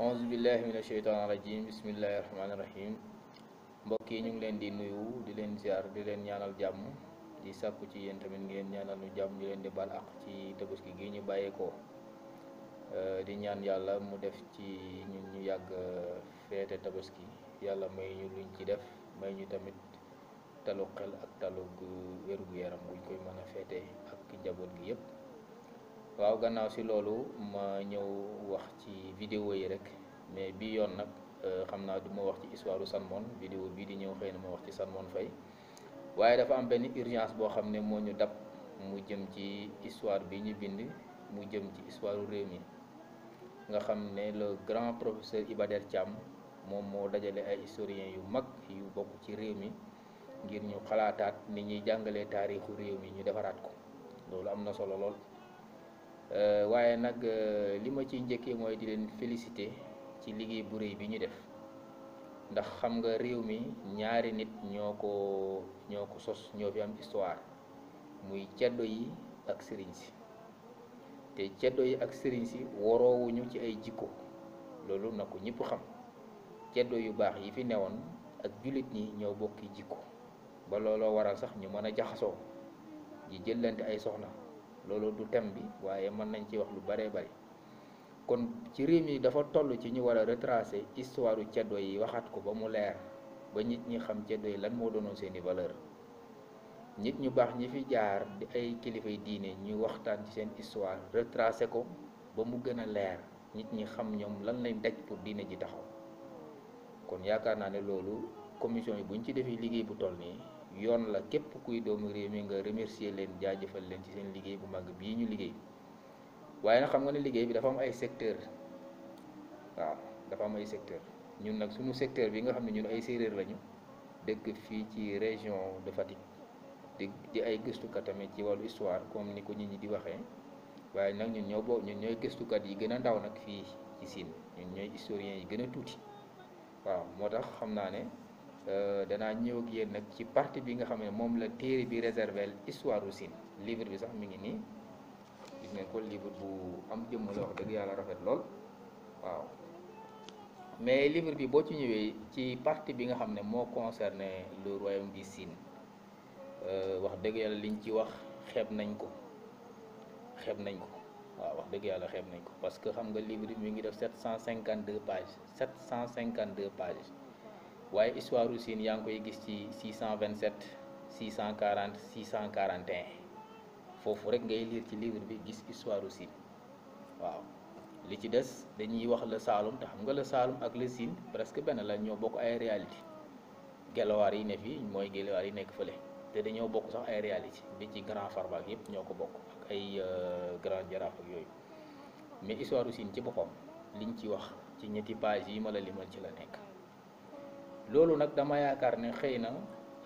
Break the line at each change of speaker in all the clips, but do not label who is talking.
auzu billahi mina sheytaani rajim bismillahi rahmaani rahim mbokk ñu ngi leen di nuyu di leen ziar di leen ñaanal di sàkku ci yéen tamit ngeen ñaanal ñu di leen di bal ak ci tabaski gi ñu euh, di ñaan yàlla mu def ci ñun ñu yàgg euh, feete tabaski yàlla may ñu luñ ci def may ñu tamit taloo xel ak taloo gu wér-gu-yaram buñ koy mëna a ak njaboot gi yépp waaw gannaaw si loolu ma ñëw wax ci vidéo yi rek mais bi yoon nag euh, xam naa du ma wax ci histoire Salmon vidéo bii di ñëw xëy na ma wax ci Salmon Faye waaye dafa am benn urgence boo xam ne moo ñu dab mu jëm ci histoire bi ñu bind mu jëm ci histoire réew mi nga xam ne le grand professeur Iba Der Thiam moom moo dajale ay historiens yu mag yu bokk ci réew mi ngir ñu xalaataat ni ñuy jàngalee taarixu réew mi ñu defaraat ko loolu am na solo lool euh, waaye nag euh, li ma ciy njëkkee mooy di leen félicité ci liggéey bu réy bi ñu def ndax xam nga réew mi ñaari nit ñoo ko ñoo ko sos ñoo fi am histoire muy ceddo yi ak sëriñ si te ceddo yi ak sëriñ si woroowuñu ci ay jikko loolu na ko ñëpp xam ceddo yu baax yi fi newoon ak jullit ñi ñoo bokki jikko ba looloo waral sax ñu mën a jaxasoo di jëllante ay soxna loolu du tem bi waaye mën nañ ci wax lu baree bari kon ci réew mi dafa toll ci ñu war a retracer histoire ceddo yi waxaat ko ba mu leer ba nit ñi xam ceddo yi lan moo doonoon seeni valeur nit ñu baax ñi fi jaar di ay kilifa kilifay diine ñu waxtaan ci seen histoire retracer ko ba mu gën a leer nit ñi xam ñoom lan lañ daj pour diine ji taxaw kon yaakaar naa ne loolu commission yi bu ñu ci defee liggéey bu toll nii yoon la képp kuy doomu réew mi nga remercier leen jaajëfal leen ci seen liggéey bu mag bii ñu liggéey waaye nag xam nga ne liggéey bi dafa am ay secteur waaw dafa am ay secteur ñun nag sunu secteur bi nga xam ne ñun ay séeréer lañu dëkk fii ci région de Fatick di di ay gëstukat tamit ci wàllu histoire comme ni ko nit ñi di waxee waaye nag ñun ñoo boo ñun ñooy gëstukat yi gën a ndaw nag fii ci Sine ñun ñooy historiens yi gën a tuuti waaw moo tax xam naa ne Euh, danaa ñëw ak yéen nag ci partie bi nga xam ne moom la téere bi réservel histoire u Sine livre bi sax mi ngi nii gis ngeen ko livre bu am jëmm la wax dëgg yàlla rafet lool waaw mais livre bi boo ci ñëwee ci partie bi nga xam ne moo concerné le royaume du Sine euh, wax dëgg yàlla liñ ci wax xeeb nañ ko xeeb nañ ko waaw wax dëgg yàlla xeeb nañ ko parce que xam nga livre bi mi ngi def 752 pages 752 pages waaye histoire u Sine yaa ngi koy gis ci vingt 627 640 641 foofu rek ngay liir ci livre bi gis histoire u Sine waaw li ci des dañuy wax la Saalum te xam nga la Saalum ak la Sine presque benn la ñoo bokk ay réalité gelawaar yi ne fii mooy gelawaar yi nekk fële te dañoo bokk sax ay réalité bi ci Grand Farba ak yëpp ñoo ko bokk ay euh, Grand Jaraaf ak yooyu mais histoire u Sine ci boppam liñ ci wax ci ñetti page yi ma la ci la nekk loolu nag dama yaakaar ne xëy na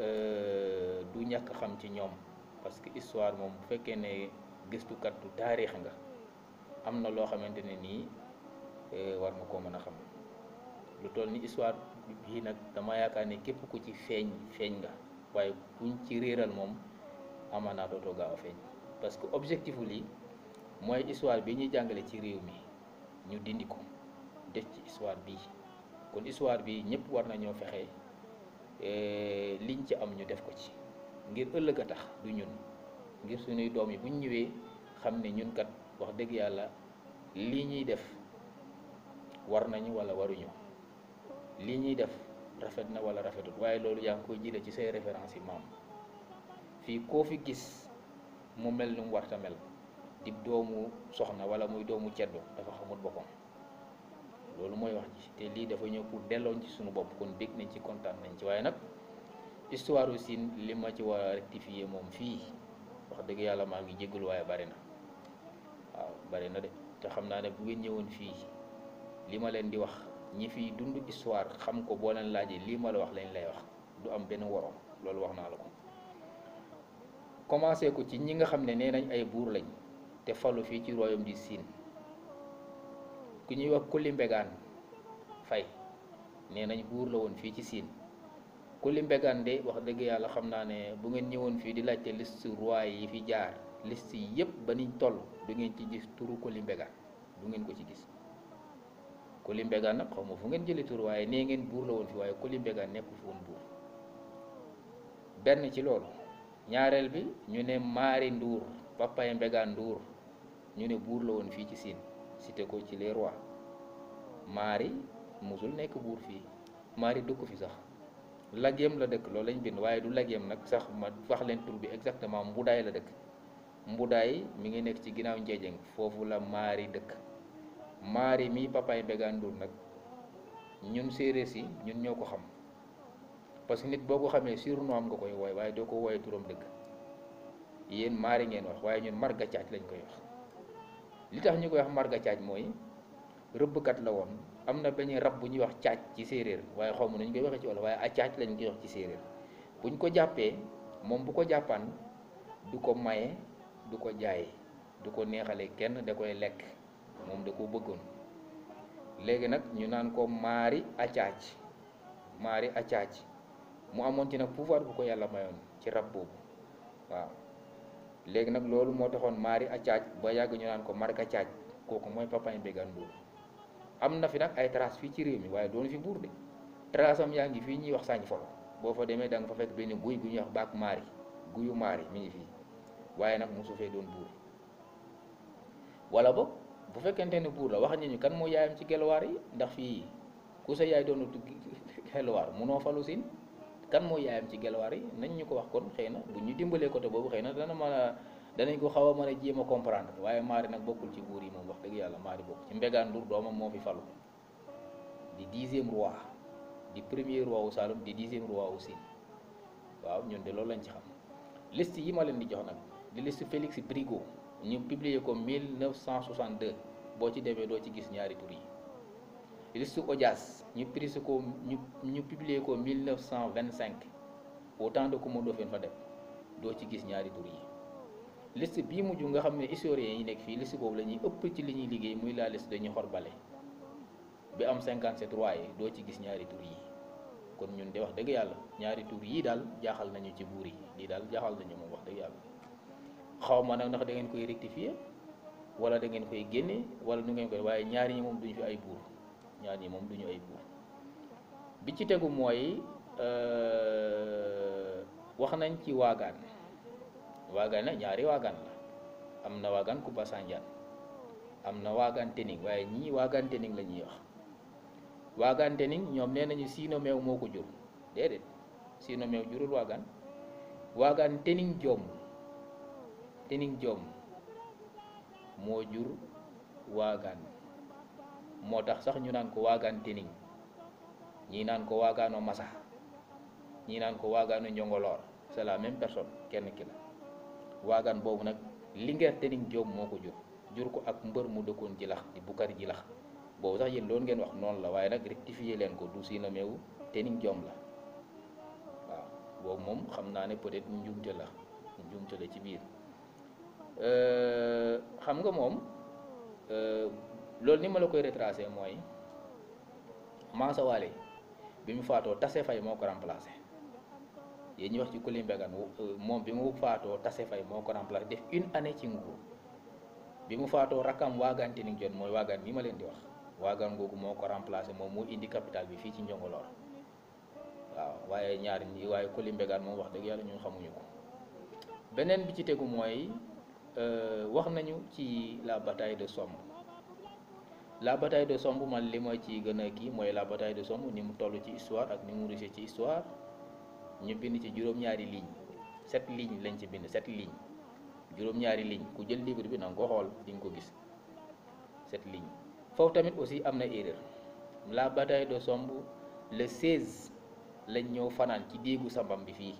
euh, du ñàkk xam ci ñoom parce que histoire moom bu fekkee ne gistukat du taarix nga am na loo xamante ne nii euh, war nga koo mën a xam lu toll ni histoire bii nag dama yaakaar ne képp ku ci feeñ feeñ nga waaye kuñ ci réeral moom amaanaa dootoo gaaw a feeñ parce que objectif lii mooy histoire bi ñuy jàngale ci réew mi ñu dindi ko def ci histoire bii kon histoire bi ñepp war fexé euh liñ ci am ñu def ko ci ngir ëlëga tax du ñun ngir suñuy doom yi bu ñëwé xamné ñun kat wax dëgg yalla li ñuy def war nañu wala waruñu li ñuy def rafet na wala rafetul waaye loolu yaa ngi koy jilé ci say référence maam fii fi gis mu mel lu mu warta mel di doomu soxna wala muy doomu ceddo dafa xamul loolu mooy wax ji te lii dafa ñëw pour delloon ci suñu bopp kon dégg nañ ci kontaan nañ ci waaye nag histoire siin li ma ci war a rectifier moom fii wax dëgg yàlla maa ngi jégalu waaye bari na waaw bari na de te xam naa ne bu ngeen ñëwoon fii li ma leen di wax ñi fiy dund histoire xam ko boo leen laajee lii ma la wax lañ lay wax du am benn woroom loolu wax naa la ko commencé ko ci ñi nga xam ne nee nañ ay buur lañ te falu fii ci royaume di Siin ku ñuy wax Kuli Mbegaan Fay nee nañ buur la woon fii ci Siin Kuli Mbegaan de wax dëgg yàlla xam naa ne bu ngeen ñëwoon fii di laajte liste roi yi fi jaar liste yëpp ba niñ toll du ngeen ci gis turu Kuli Mbegaan du ngeen ko ci gis Kuli Mbegaan nag xaw ma fu ngeen jëli tur waaye nee ngeen buur la woon fii waaye Kuli Mbegaan nekk fu buur benn ci loolu ñaareel bi ñu ne Maari Nduur Papaye Mbegaan Nduur ñu ne buur la woon fii ci Siin cité ko ci les rois maari musul nekk buur fii maari dëkku fi sax lageem la dëkk loolu lañ bind waaye du lageem nag sax ma wax leen tur bi exactement mbudaay la dëkk mbudaay mi ngi nekk ci ginnaaw njeejeng foofu la maari dëkk maari mii papaay Mbégandour nag ñun séeréer si ñun ñoo ko xam parce que nit boo ko xamee surnom am nga koy wooy waaye doo ko wooyee turam dëgg yéen maari ngeen wax waaye ñun marga caac lañ koy wax li tax ñu koy wax mbarga caaj mooy rëbbkat la woon am na bañ rab bu ñuy wax caaj ci séeréer waaye xaw mu nu ñu koy waxee ci walla waaye a caaj lañ koy wax ci séeréer buñ ko jàppee moom bu ko jàppan du ko maye du ko jaay du ko neexale kenn da koy lekk moom da ko bëggoon léegi nag ñu naan ko maari acaac maari acaac mu amoon ci nag pouvoir bu ko yàlla mayoon ci rab boobu waaw léegi nag loolu moo taxoon Maari Acaac ba yag ñu nan ko marka Caac koku moy papa Mbégaan Ndour am na fi nak ay trace fi ci réew mi waye doon fi bour de trace am yaangi fi ñi wax sànq fo bo fa demee da nga fa fekk ben guy gu wax bak mari guyu mari mi ngi fi waye nak musu fe doon bour wala bok bu fekkente ne bour la wax ñi kan mo yaayam ci gelwar yi ndax fi ku sa yaay doon tukki gelwaar munoo falu sin kan moo yaayam ci gelwaar yi nañ ñu ko wax kon xëy na bu ñu dimbalee côté boobu xëy na dana mën a danañ ko xaw a mën a jéem a comprendre waaye maari nag bokkul ci buur yi moom wax dëgg yàlla maari bokk ci Mbégaan Ndour doomam moo fi falu di dixième roi di premier roi wu Saloum di dixième roi wu Sine waaw ñun de loolu lañ ci xam liste yi ma leen di jox nag di liste Félix Brigaut ñu publier ko 1962 boo ci demee doo ci gis ñaari tur yi liste Odias ñu prise ko ñu ñu publier ko cent 1925 au temps de Coumba Ndoffène fa def doo ci gis ñaari tur yi liste bii mujj nga xam ne historiens yi nekk fii liste boobu la ñuy ëpp ci li ñuy liggéey muy la liste dañuy bale bi am 57 rois yi doo ci gis ñaari tur yi kon ñun de wax dëgg yàlla ñaari tur yii daal jaaxal nañu ci buur yi lii daal jaaxal nañu moom wax dëgg yàlla xaw ma nag ndax da ngeen koy rectifier wala da ngeen koy génne wala nu ngeen waaye ñaari moom duñu fi ay buur. ñaar ñi moom duñu ay buur bi ci tegu mooy eh, wax nañ ci waagaan waagaan na ñaari wagan la am na waagaan ku basanjaan am na tening waaye ñi waagaan tening la ñuy wax waagaan tening ñoom nee nañu siino meew moo ko jur déedéet sino meew jurul waagaan waagaan tening jom, tening jom, moo jur waagaan mo tax sax ñu nan ko waganti ni ñi nan ko wagano massa ñi nan ko wagano ñongolor c'est la même personne kenn ki la waagaan boobu nag lingeer teniñ joob moo jur jur ko ak mbeur mu dëkkoon lax di bukar lax bobu sax yeen non ngeen wax non la waye nak rectifier len ko du siina meewu teniñ jom la wa bo mom xamna ne peut être njumte la njumte la ci euh xam nga euh loolu ni ma la koy retracé mooy Mansa Wally bimu fato faatoo Tassé Faye moo ko remplacé yéen ñi wax ci Kuli Mbegan moom bi mu Tassé Faye moo ko def une année ci nguur bi mu faatoo rakkam waagaan Tening Dione mooy waagaan bi ma leen di wax waagaan googu moo ko remplacé moom indi capital bi fi ci Njongoloor ah, waaw waaye ñaar ñi waaye Kuli Mbegan moom wax dëgg yàlla ñun xamuñu ko beneen bi ci tegu mooy eh, wax nañu ci la bataille de Somme. la bataille de Somme man li ma ci gëna kii mooy la bataille de Somme ni mu toll ci histoire ak ni mu riche ci histoire ñu bind ci juróom-ñaari ligne sept ligne lañ ci bind sept ligne juróom-ñaari ligne ku jël livre bi na ko xool di nga ko gis sept ligne foofu tamit aussi am na erreur la bataille de Somme le 16 lañ ñëw fanaan ci déegu sambam bi fii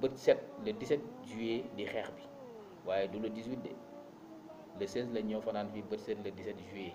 bët set le 17 juillet di xeex bi waaye du le 18 de le 16 lañ ñëw fanaan fii bët set le 17 juillet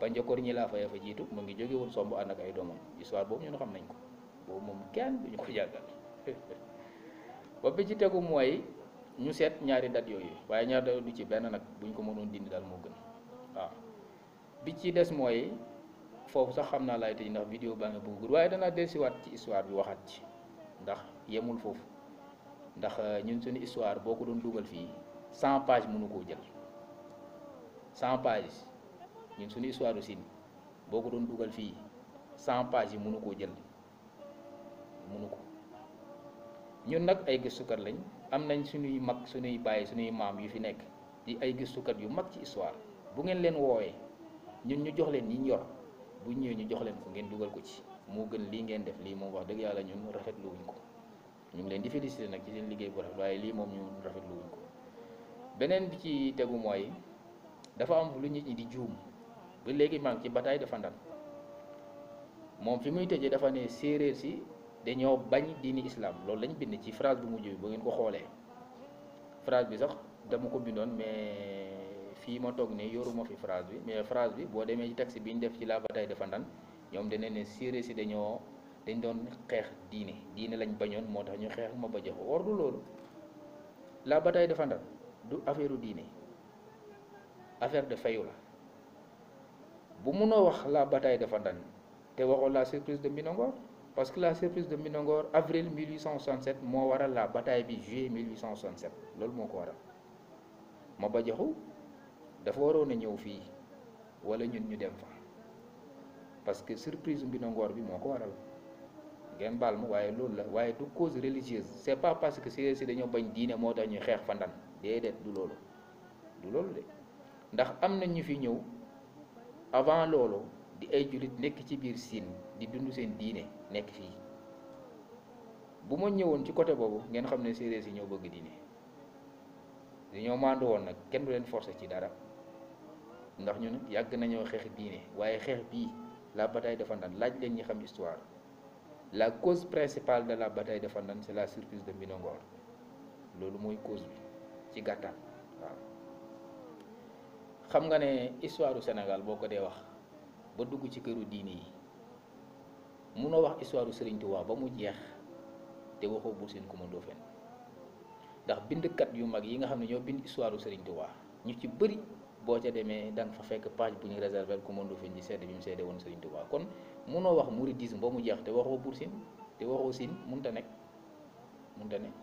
Bandiokor ñi la fa ya fa jitu mo ngi joge won sombu ànd ak ay domam histoire bobu ñu xam nañ ko bo mom kenn duñu ko jagal ba bi ci teggu moy ñu set ñaari dat yoy waye ñaar da du ci ben nak buñ ko mënon dindi dal mo gën wa bi ci dess moy fofu sax xamna lay laay ndax vidéo ba nga waye gudd waaye danaa wat ci histoire bi waxat ci ndax yemul fofu ndax euh, ñun suñu histoire boko doon duggal fi 100 pages mënu ko jël 100 pages ñun suñu histoire sin, boko doon duggal fi 100 pages yi mënu ko jël mënu ko ñun nak ay kat lañ am nañ suñu mag suñu baye suñu maam yu fi nek di ay kat yu mag ci histoire bu ngeen leen woowee ñun ñu jox leen ñi ñor bu ñëwee ñu jox leen ko ngeen duggal ko ci mo gën li ngeen def li moom wax deug yalla ñun rafetlu wuñ ko ñu ngi leen di féliciter nak ci seen liggéey bu rafet waye li mom ñu rafetlu wuñ ko benen bi ci tegu moy dafa am lu ñi di joom ba léegi mang ci bataille de Fandane moom fi muy teje dafa ne séeréer ci dañu bañ diini islam loolu lañ bind ci phrase bu mujj bi ngeen ko xolé phrase bi sax dama ko bindon mais fii ma tok ne yoruma fi phrase bi mais phrase bi bo demee ci taxi biñ def ci la bataille de Fandane ñom dañ ne séeréer ci dañu dañ doon xex diine diine lañ bañoon motax ñu xex ma ba jox war du loolu la bataille de Fandane du affaireu diine affaire de fayu la. bu munoo wax la bataille de Fandane te waxoo la surprise de Minongor parce que la surprise de Minongor avril 1867 moi voilà la bataille de juillet 1867 loolu moo ko waral Maba Jaxu dafa waroon a ñëw fii wala ñun ñu dem fa parce que surprise Minongor bi moo ko waral ngeen baal ma waaye loolu la waaye du cause religieuse c'est pas parce que c'est si dañoo bañ diine moo tax ñuy xeex Fandane déedéet du loolu du loolu de ndax am na ñu fi ñëw avant loolu di ay julit nek ci biir siin di dund sen diine nek fi buma ma ci côté bobu ngeen xamne ne séeréer si ñoo bëgg diine dañoo mandu won nak kenn du len forcer ci dara ndax ñun yag nañu xex diine waye xex bi la bataille de Fandane laaj leen ñi xam histoire la cause principale de la bataille de Fandane c'est la surprise de minongor lolu moy cause bi ci gàttal waaw xam nga ne histoire Sénégal boo ko dee wax ba dugg ci këru diine yi munoo wax histoire Serigne Touba ba mu jeex te waxoo Buur Sine Coumba fenn ndax bindkat yu mag yi nga xam ne ñoo bind histoire Serigne Touba ñu ci bëri boo ca demee da nga fa fekk page bu ñu réserver Coumba Ndoffène ci sedd bi mu seede woon Serigne Touba kon munoo wax mouridisme ba mu jeex te waxoo Buur Sine te waxoo sin munta nekk munta nekk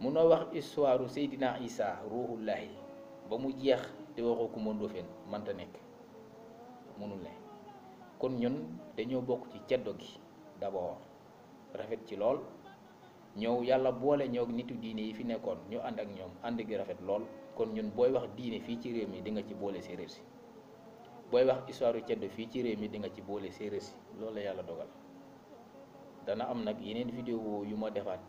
munoo wax histoire Seydina Isa ruhullahi ba mu jeex te waxoo ko ndofen man ta nek munul ne kon ñun dañu bok ci ceddo gi d'abord rafet ci lool ñew yalla boole ñok nitu diine yi fi nekkon ñu and ak ñom and gi rafet lool kon ñun boy wax diine fi ci réew mi di nga ci boole séeréer si boy wax histoire ceddo fi ci réew mi di nga ci boole séeréer si loolu la yalla dogal dana am nak yeneen vidéo yu ma defaat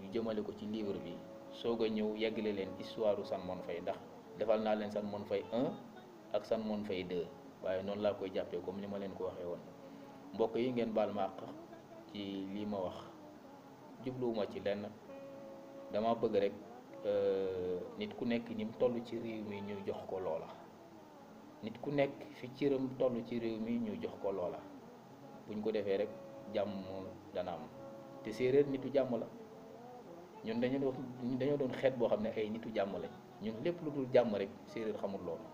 ñu jëmale ko ci livre bi soog a ñëw yeggale leen histoire mon fay ndax defal naa leen San Mon Fay 1 ak San Mon Fay 2 waaye noonu laa koy jàppee comme ni ma leen ko waxee woon mbokk yi ngeen baal ma ci lii ma wax jubluwuma ci lenn dama bëgg rek euh, nit ku nekk ni mu toll ci réew mi ñu jox ko loola nit ku nekk fi cëram toll ci réew mi ñu jox ko loola buñ ko defee rek jàmm dana am te séeréer nitu jàmm la ñun dañoo doon dañoo doon xeet boo xam ne ay nitu jàmm lañ ñu lépp lu dul jàmm rek séeréer xamul loolu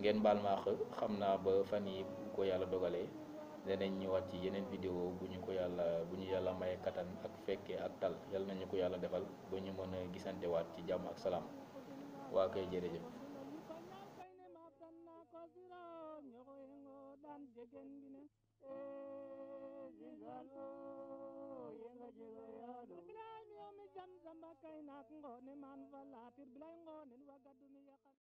ngeen baal ma xam naa ba fan yi bu ko yàlla dogalee danañ ñëwaat ci yeneen vidéo bu ñu ko yàlla bu ñu yàlla maye kattan ak fekkee ak tal yàlla ñu ko yàlla defal ba ñu mën a gisante waat ci jàmm ak salaam waa koy jërëjëf kay naak ngonin man fa latir bilay ngonin wa gadun yakal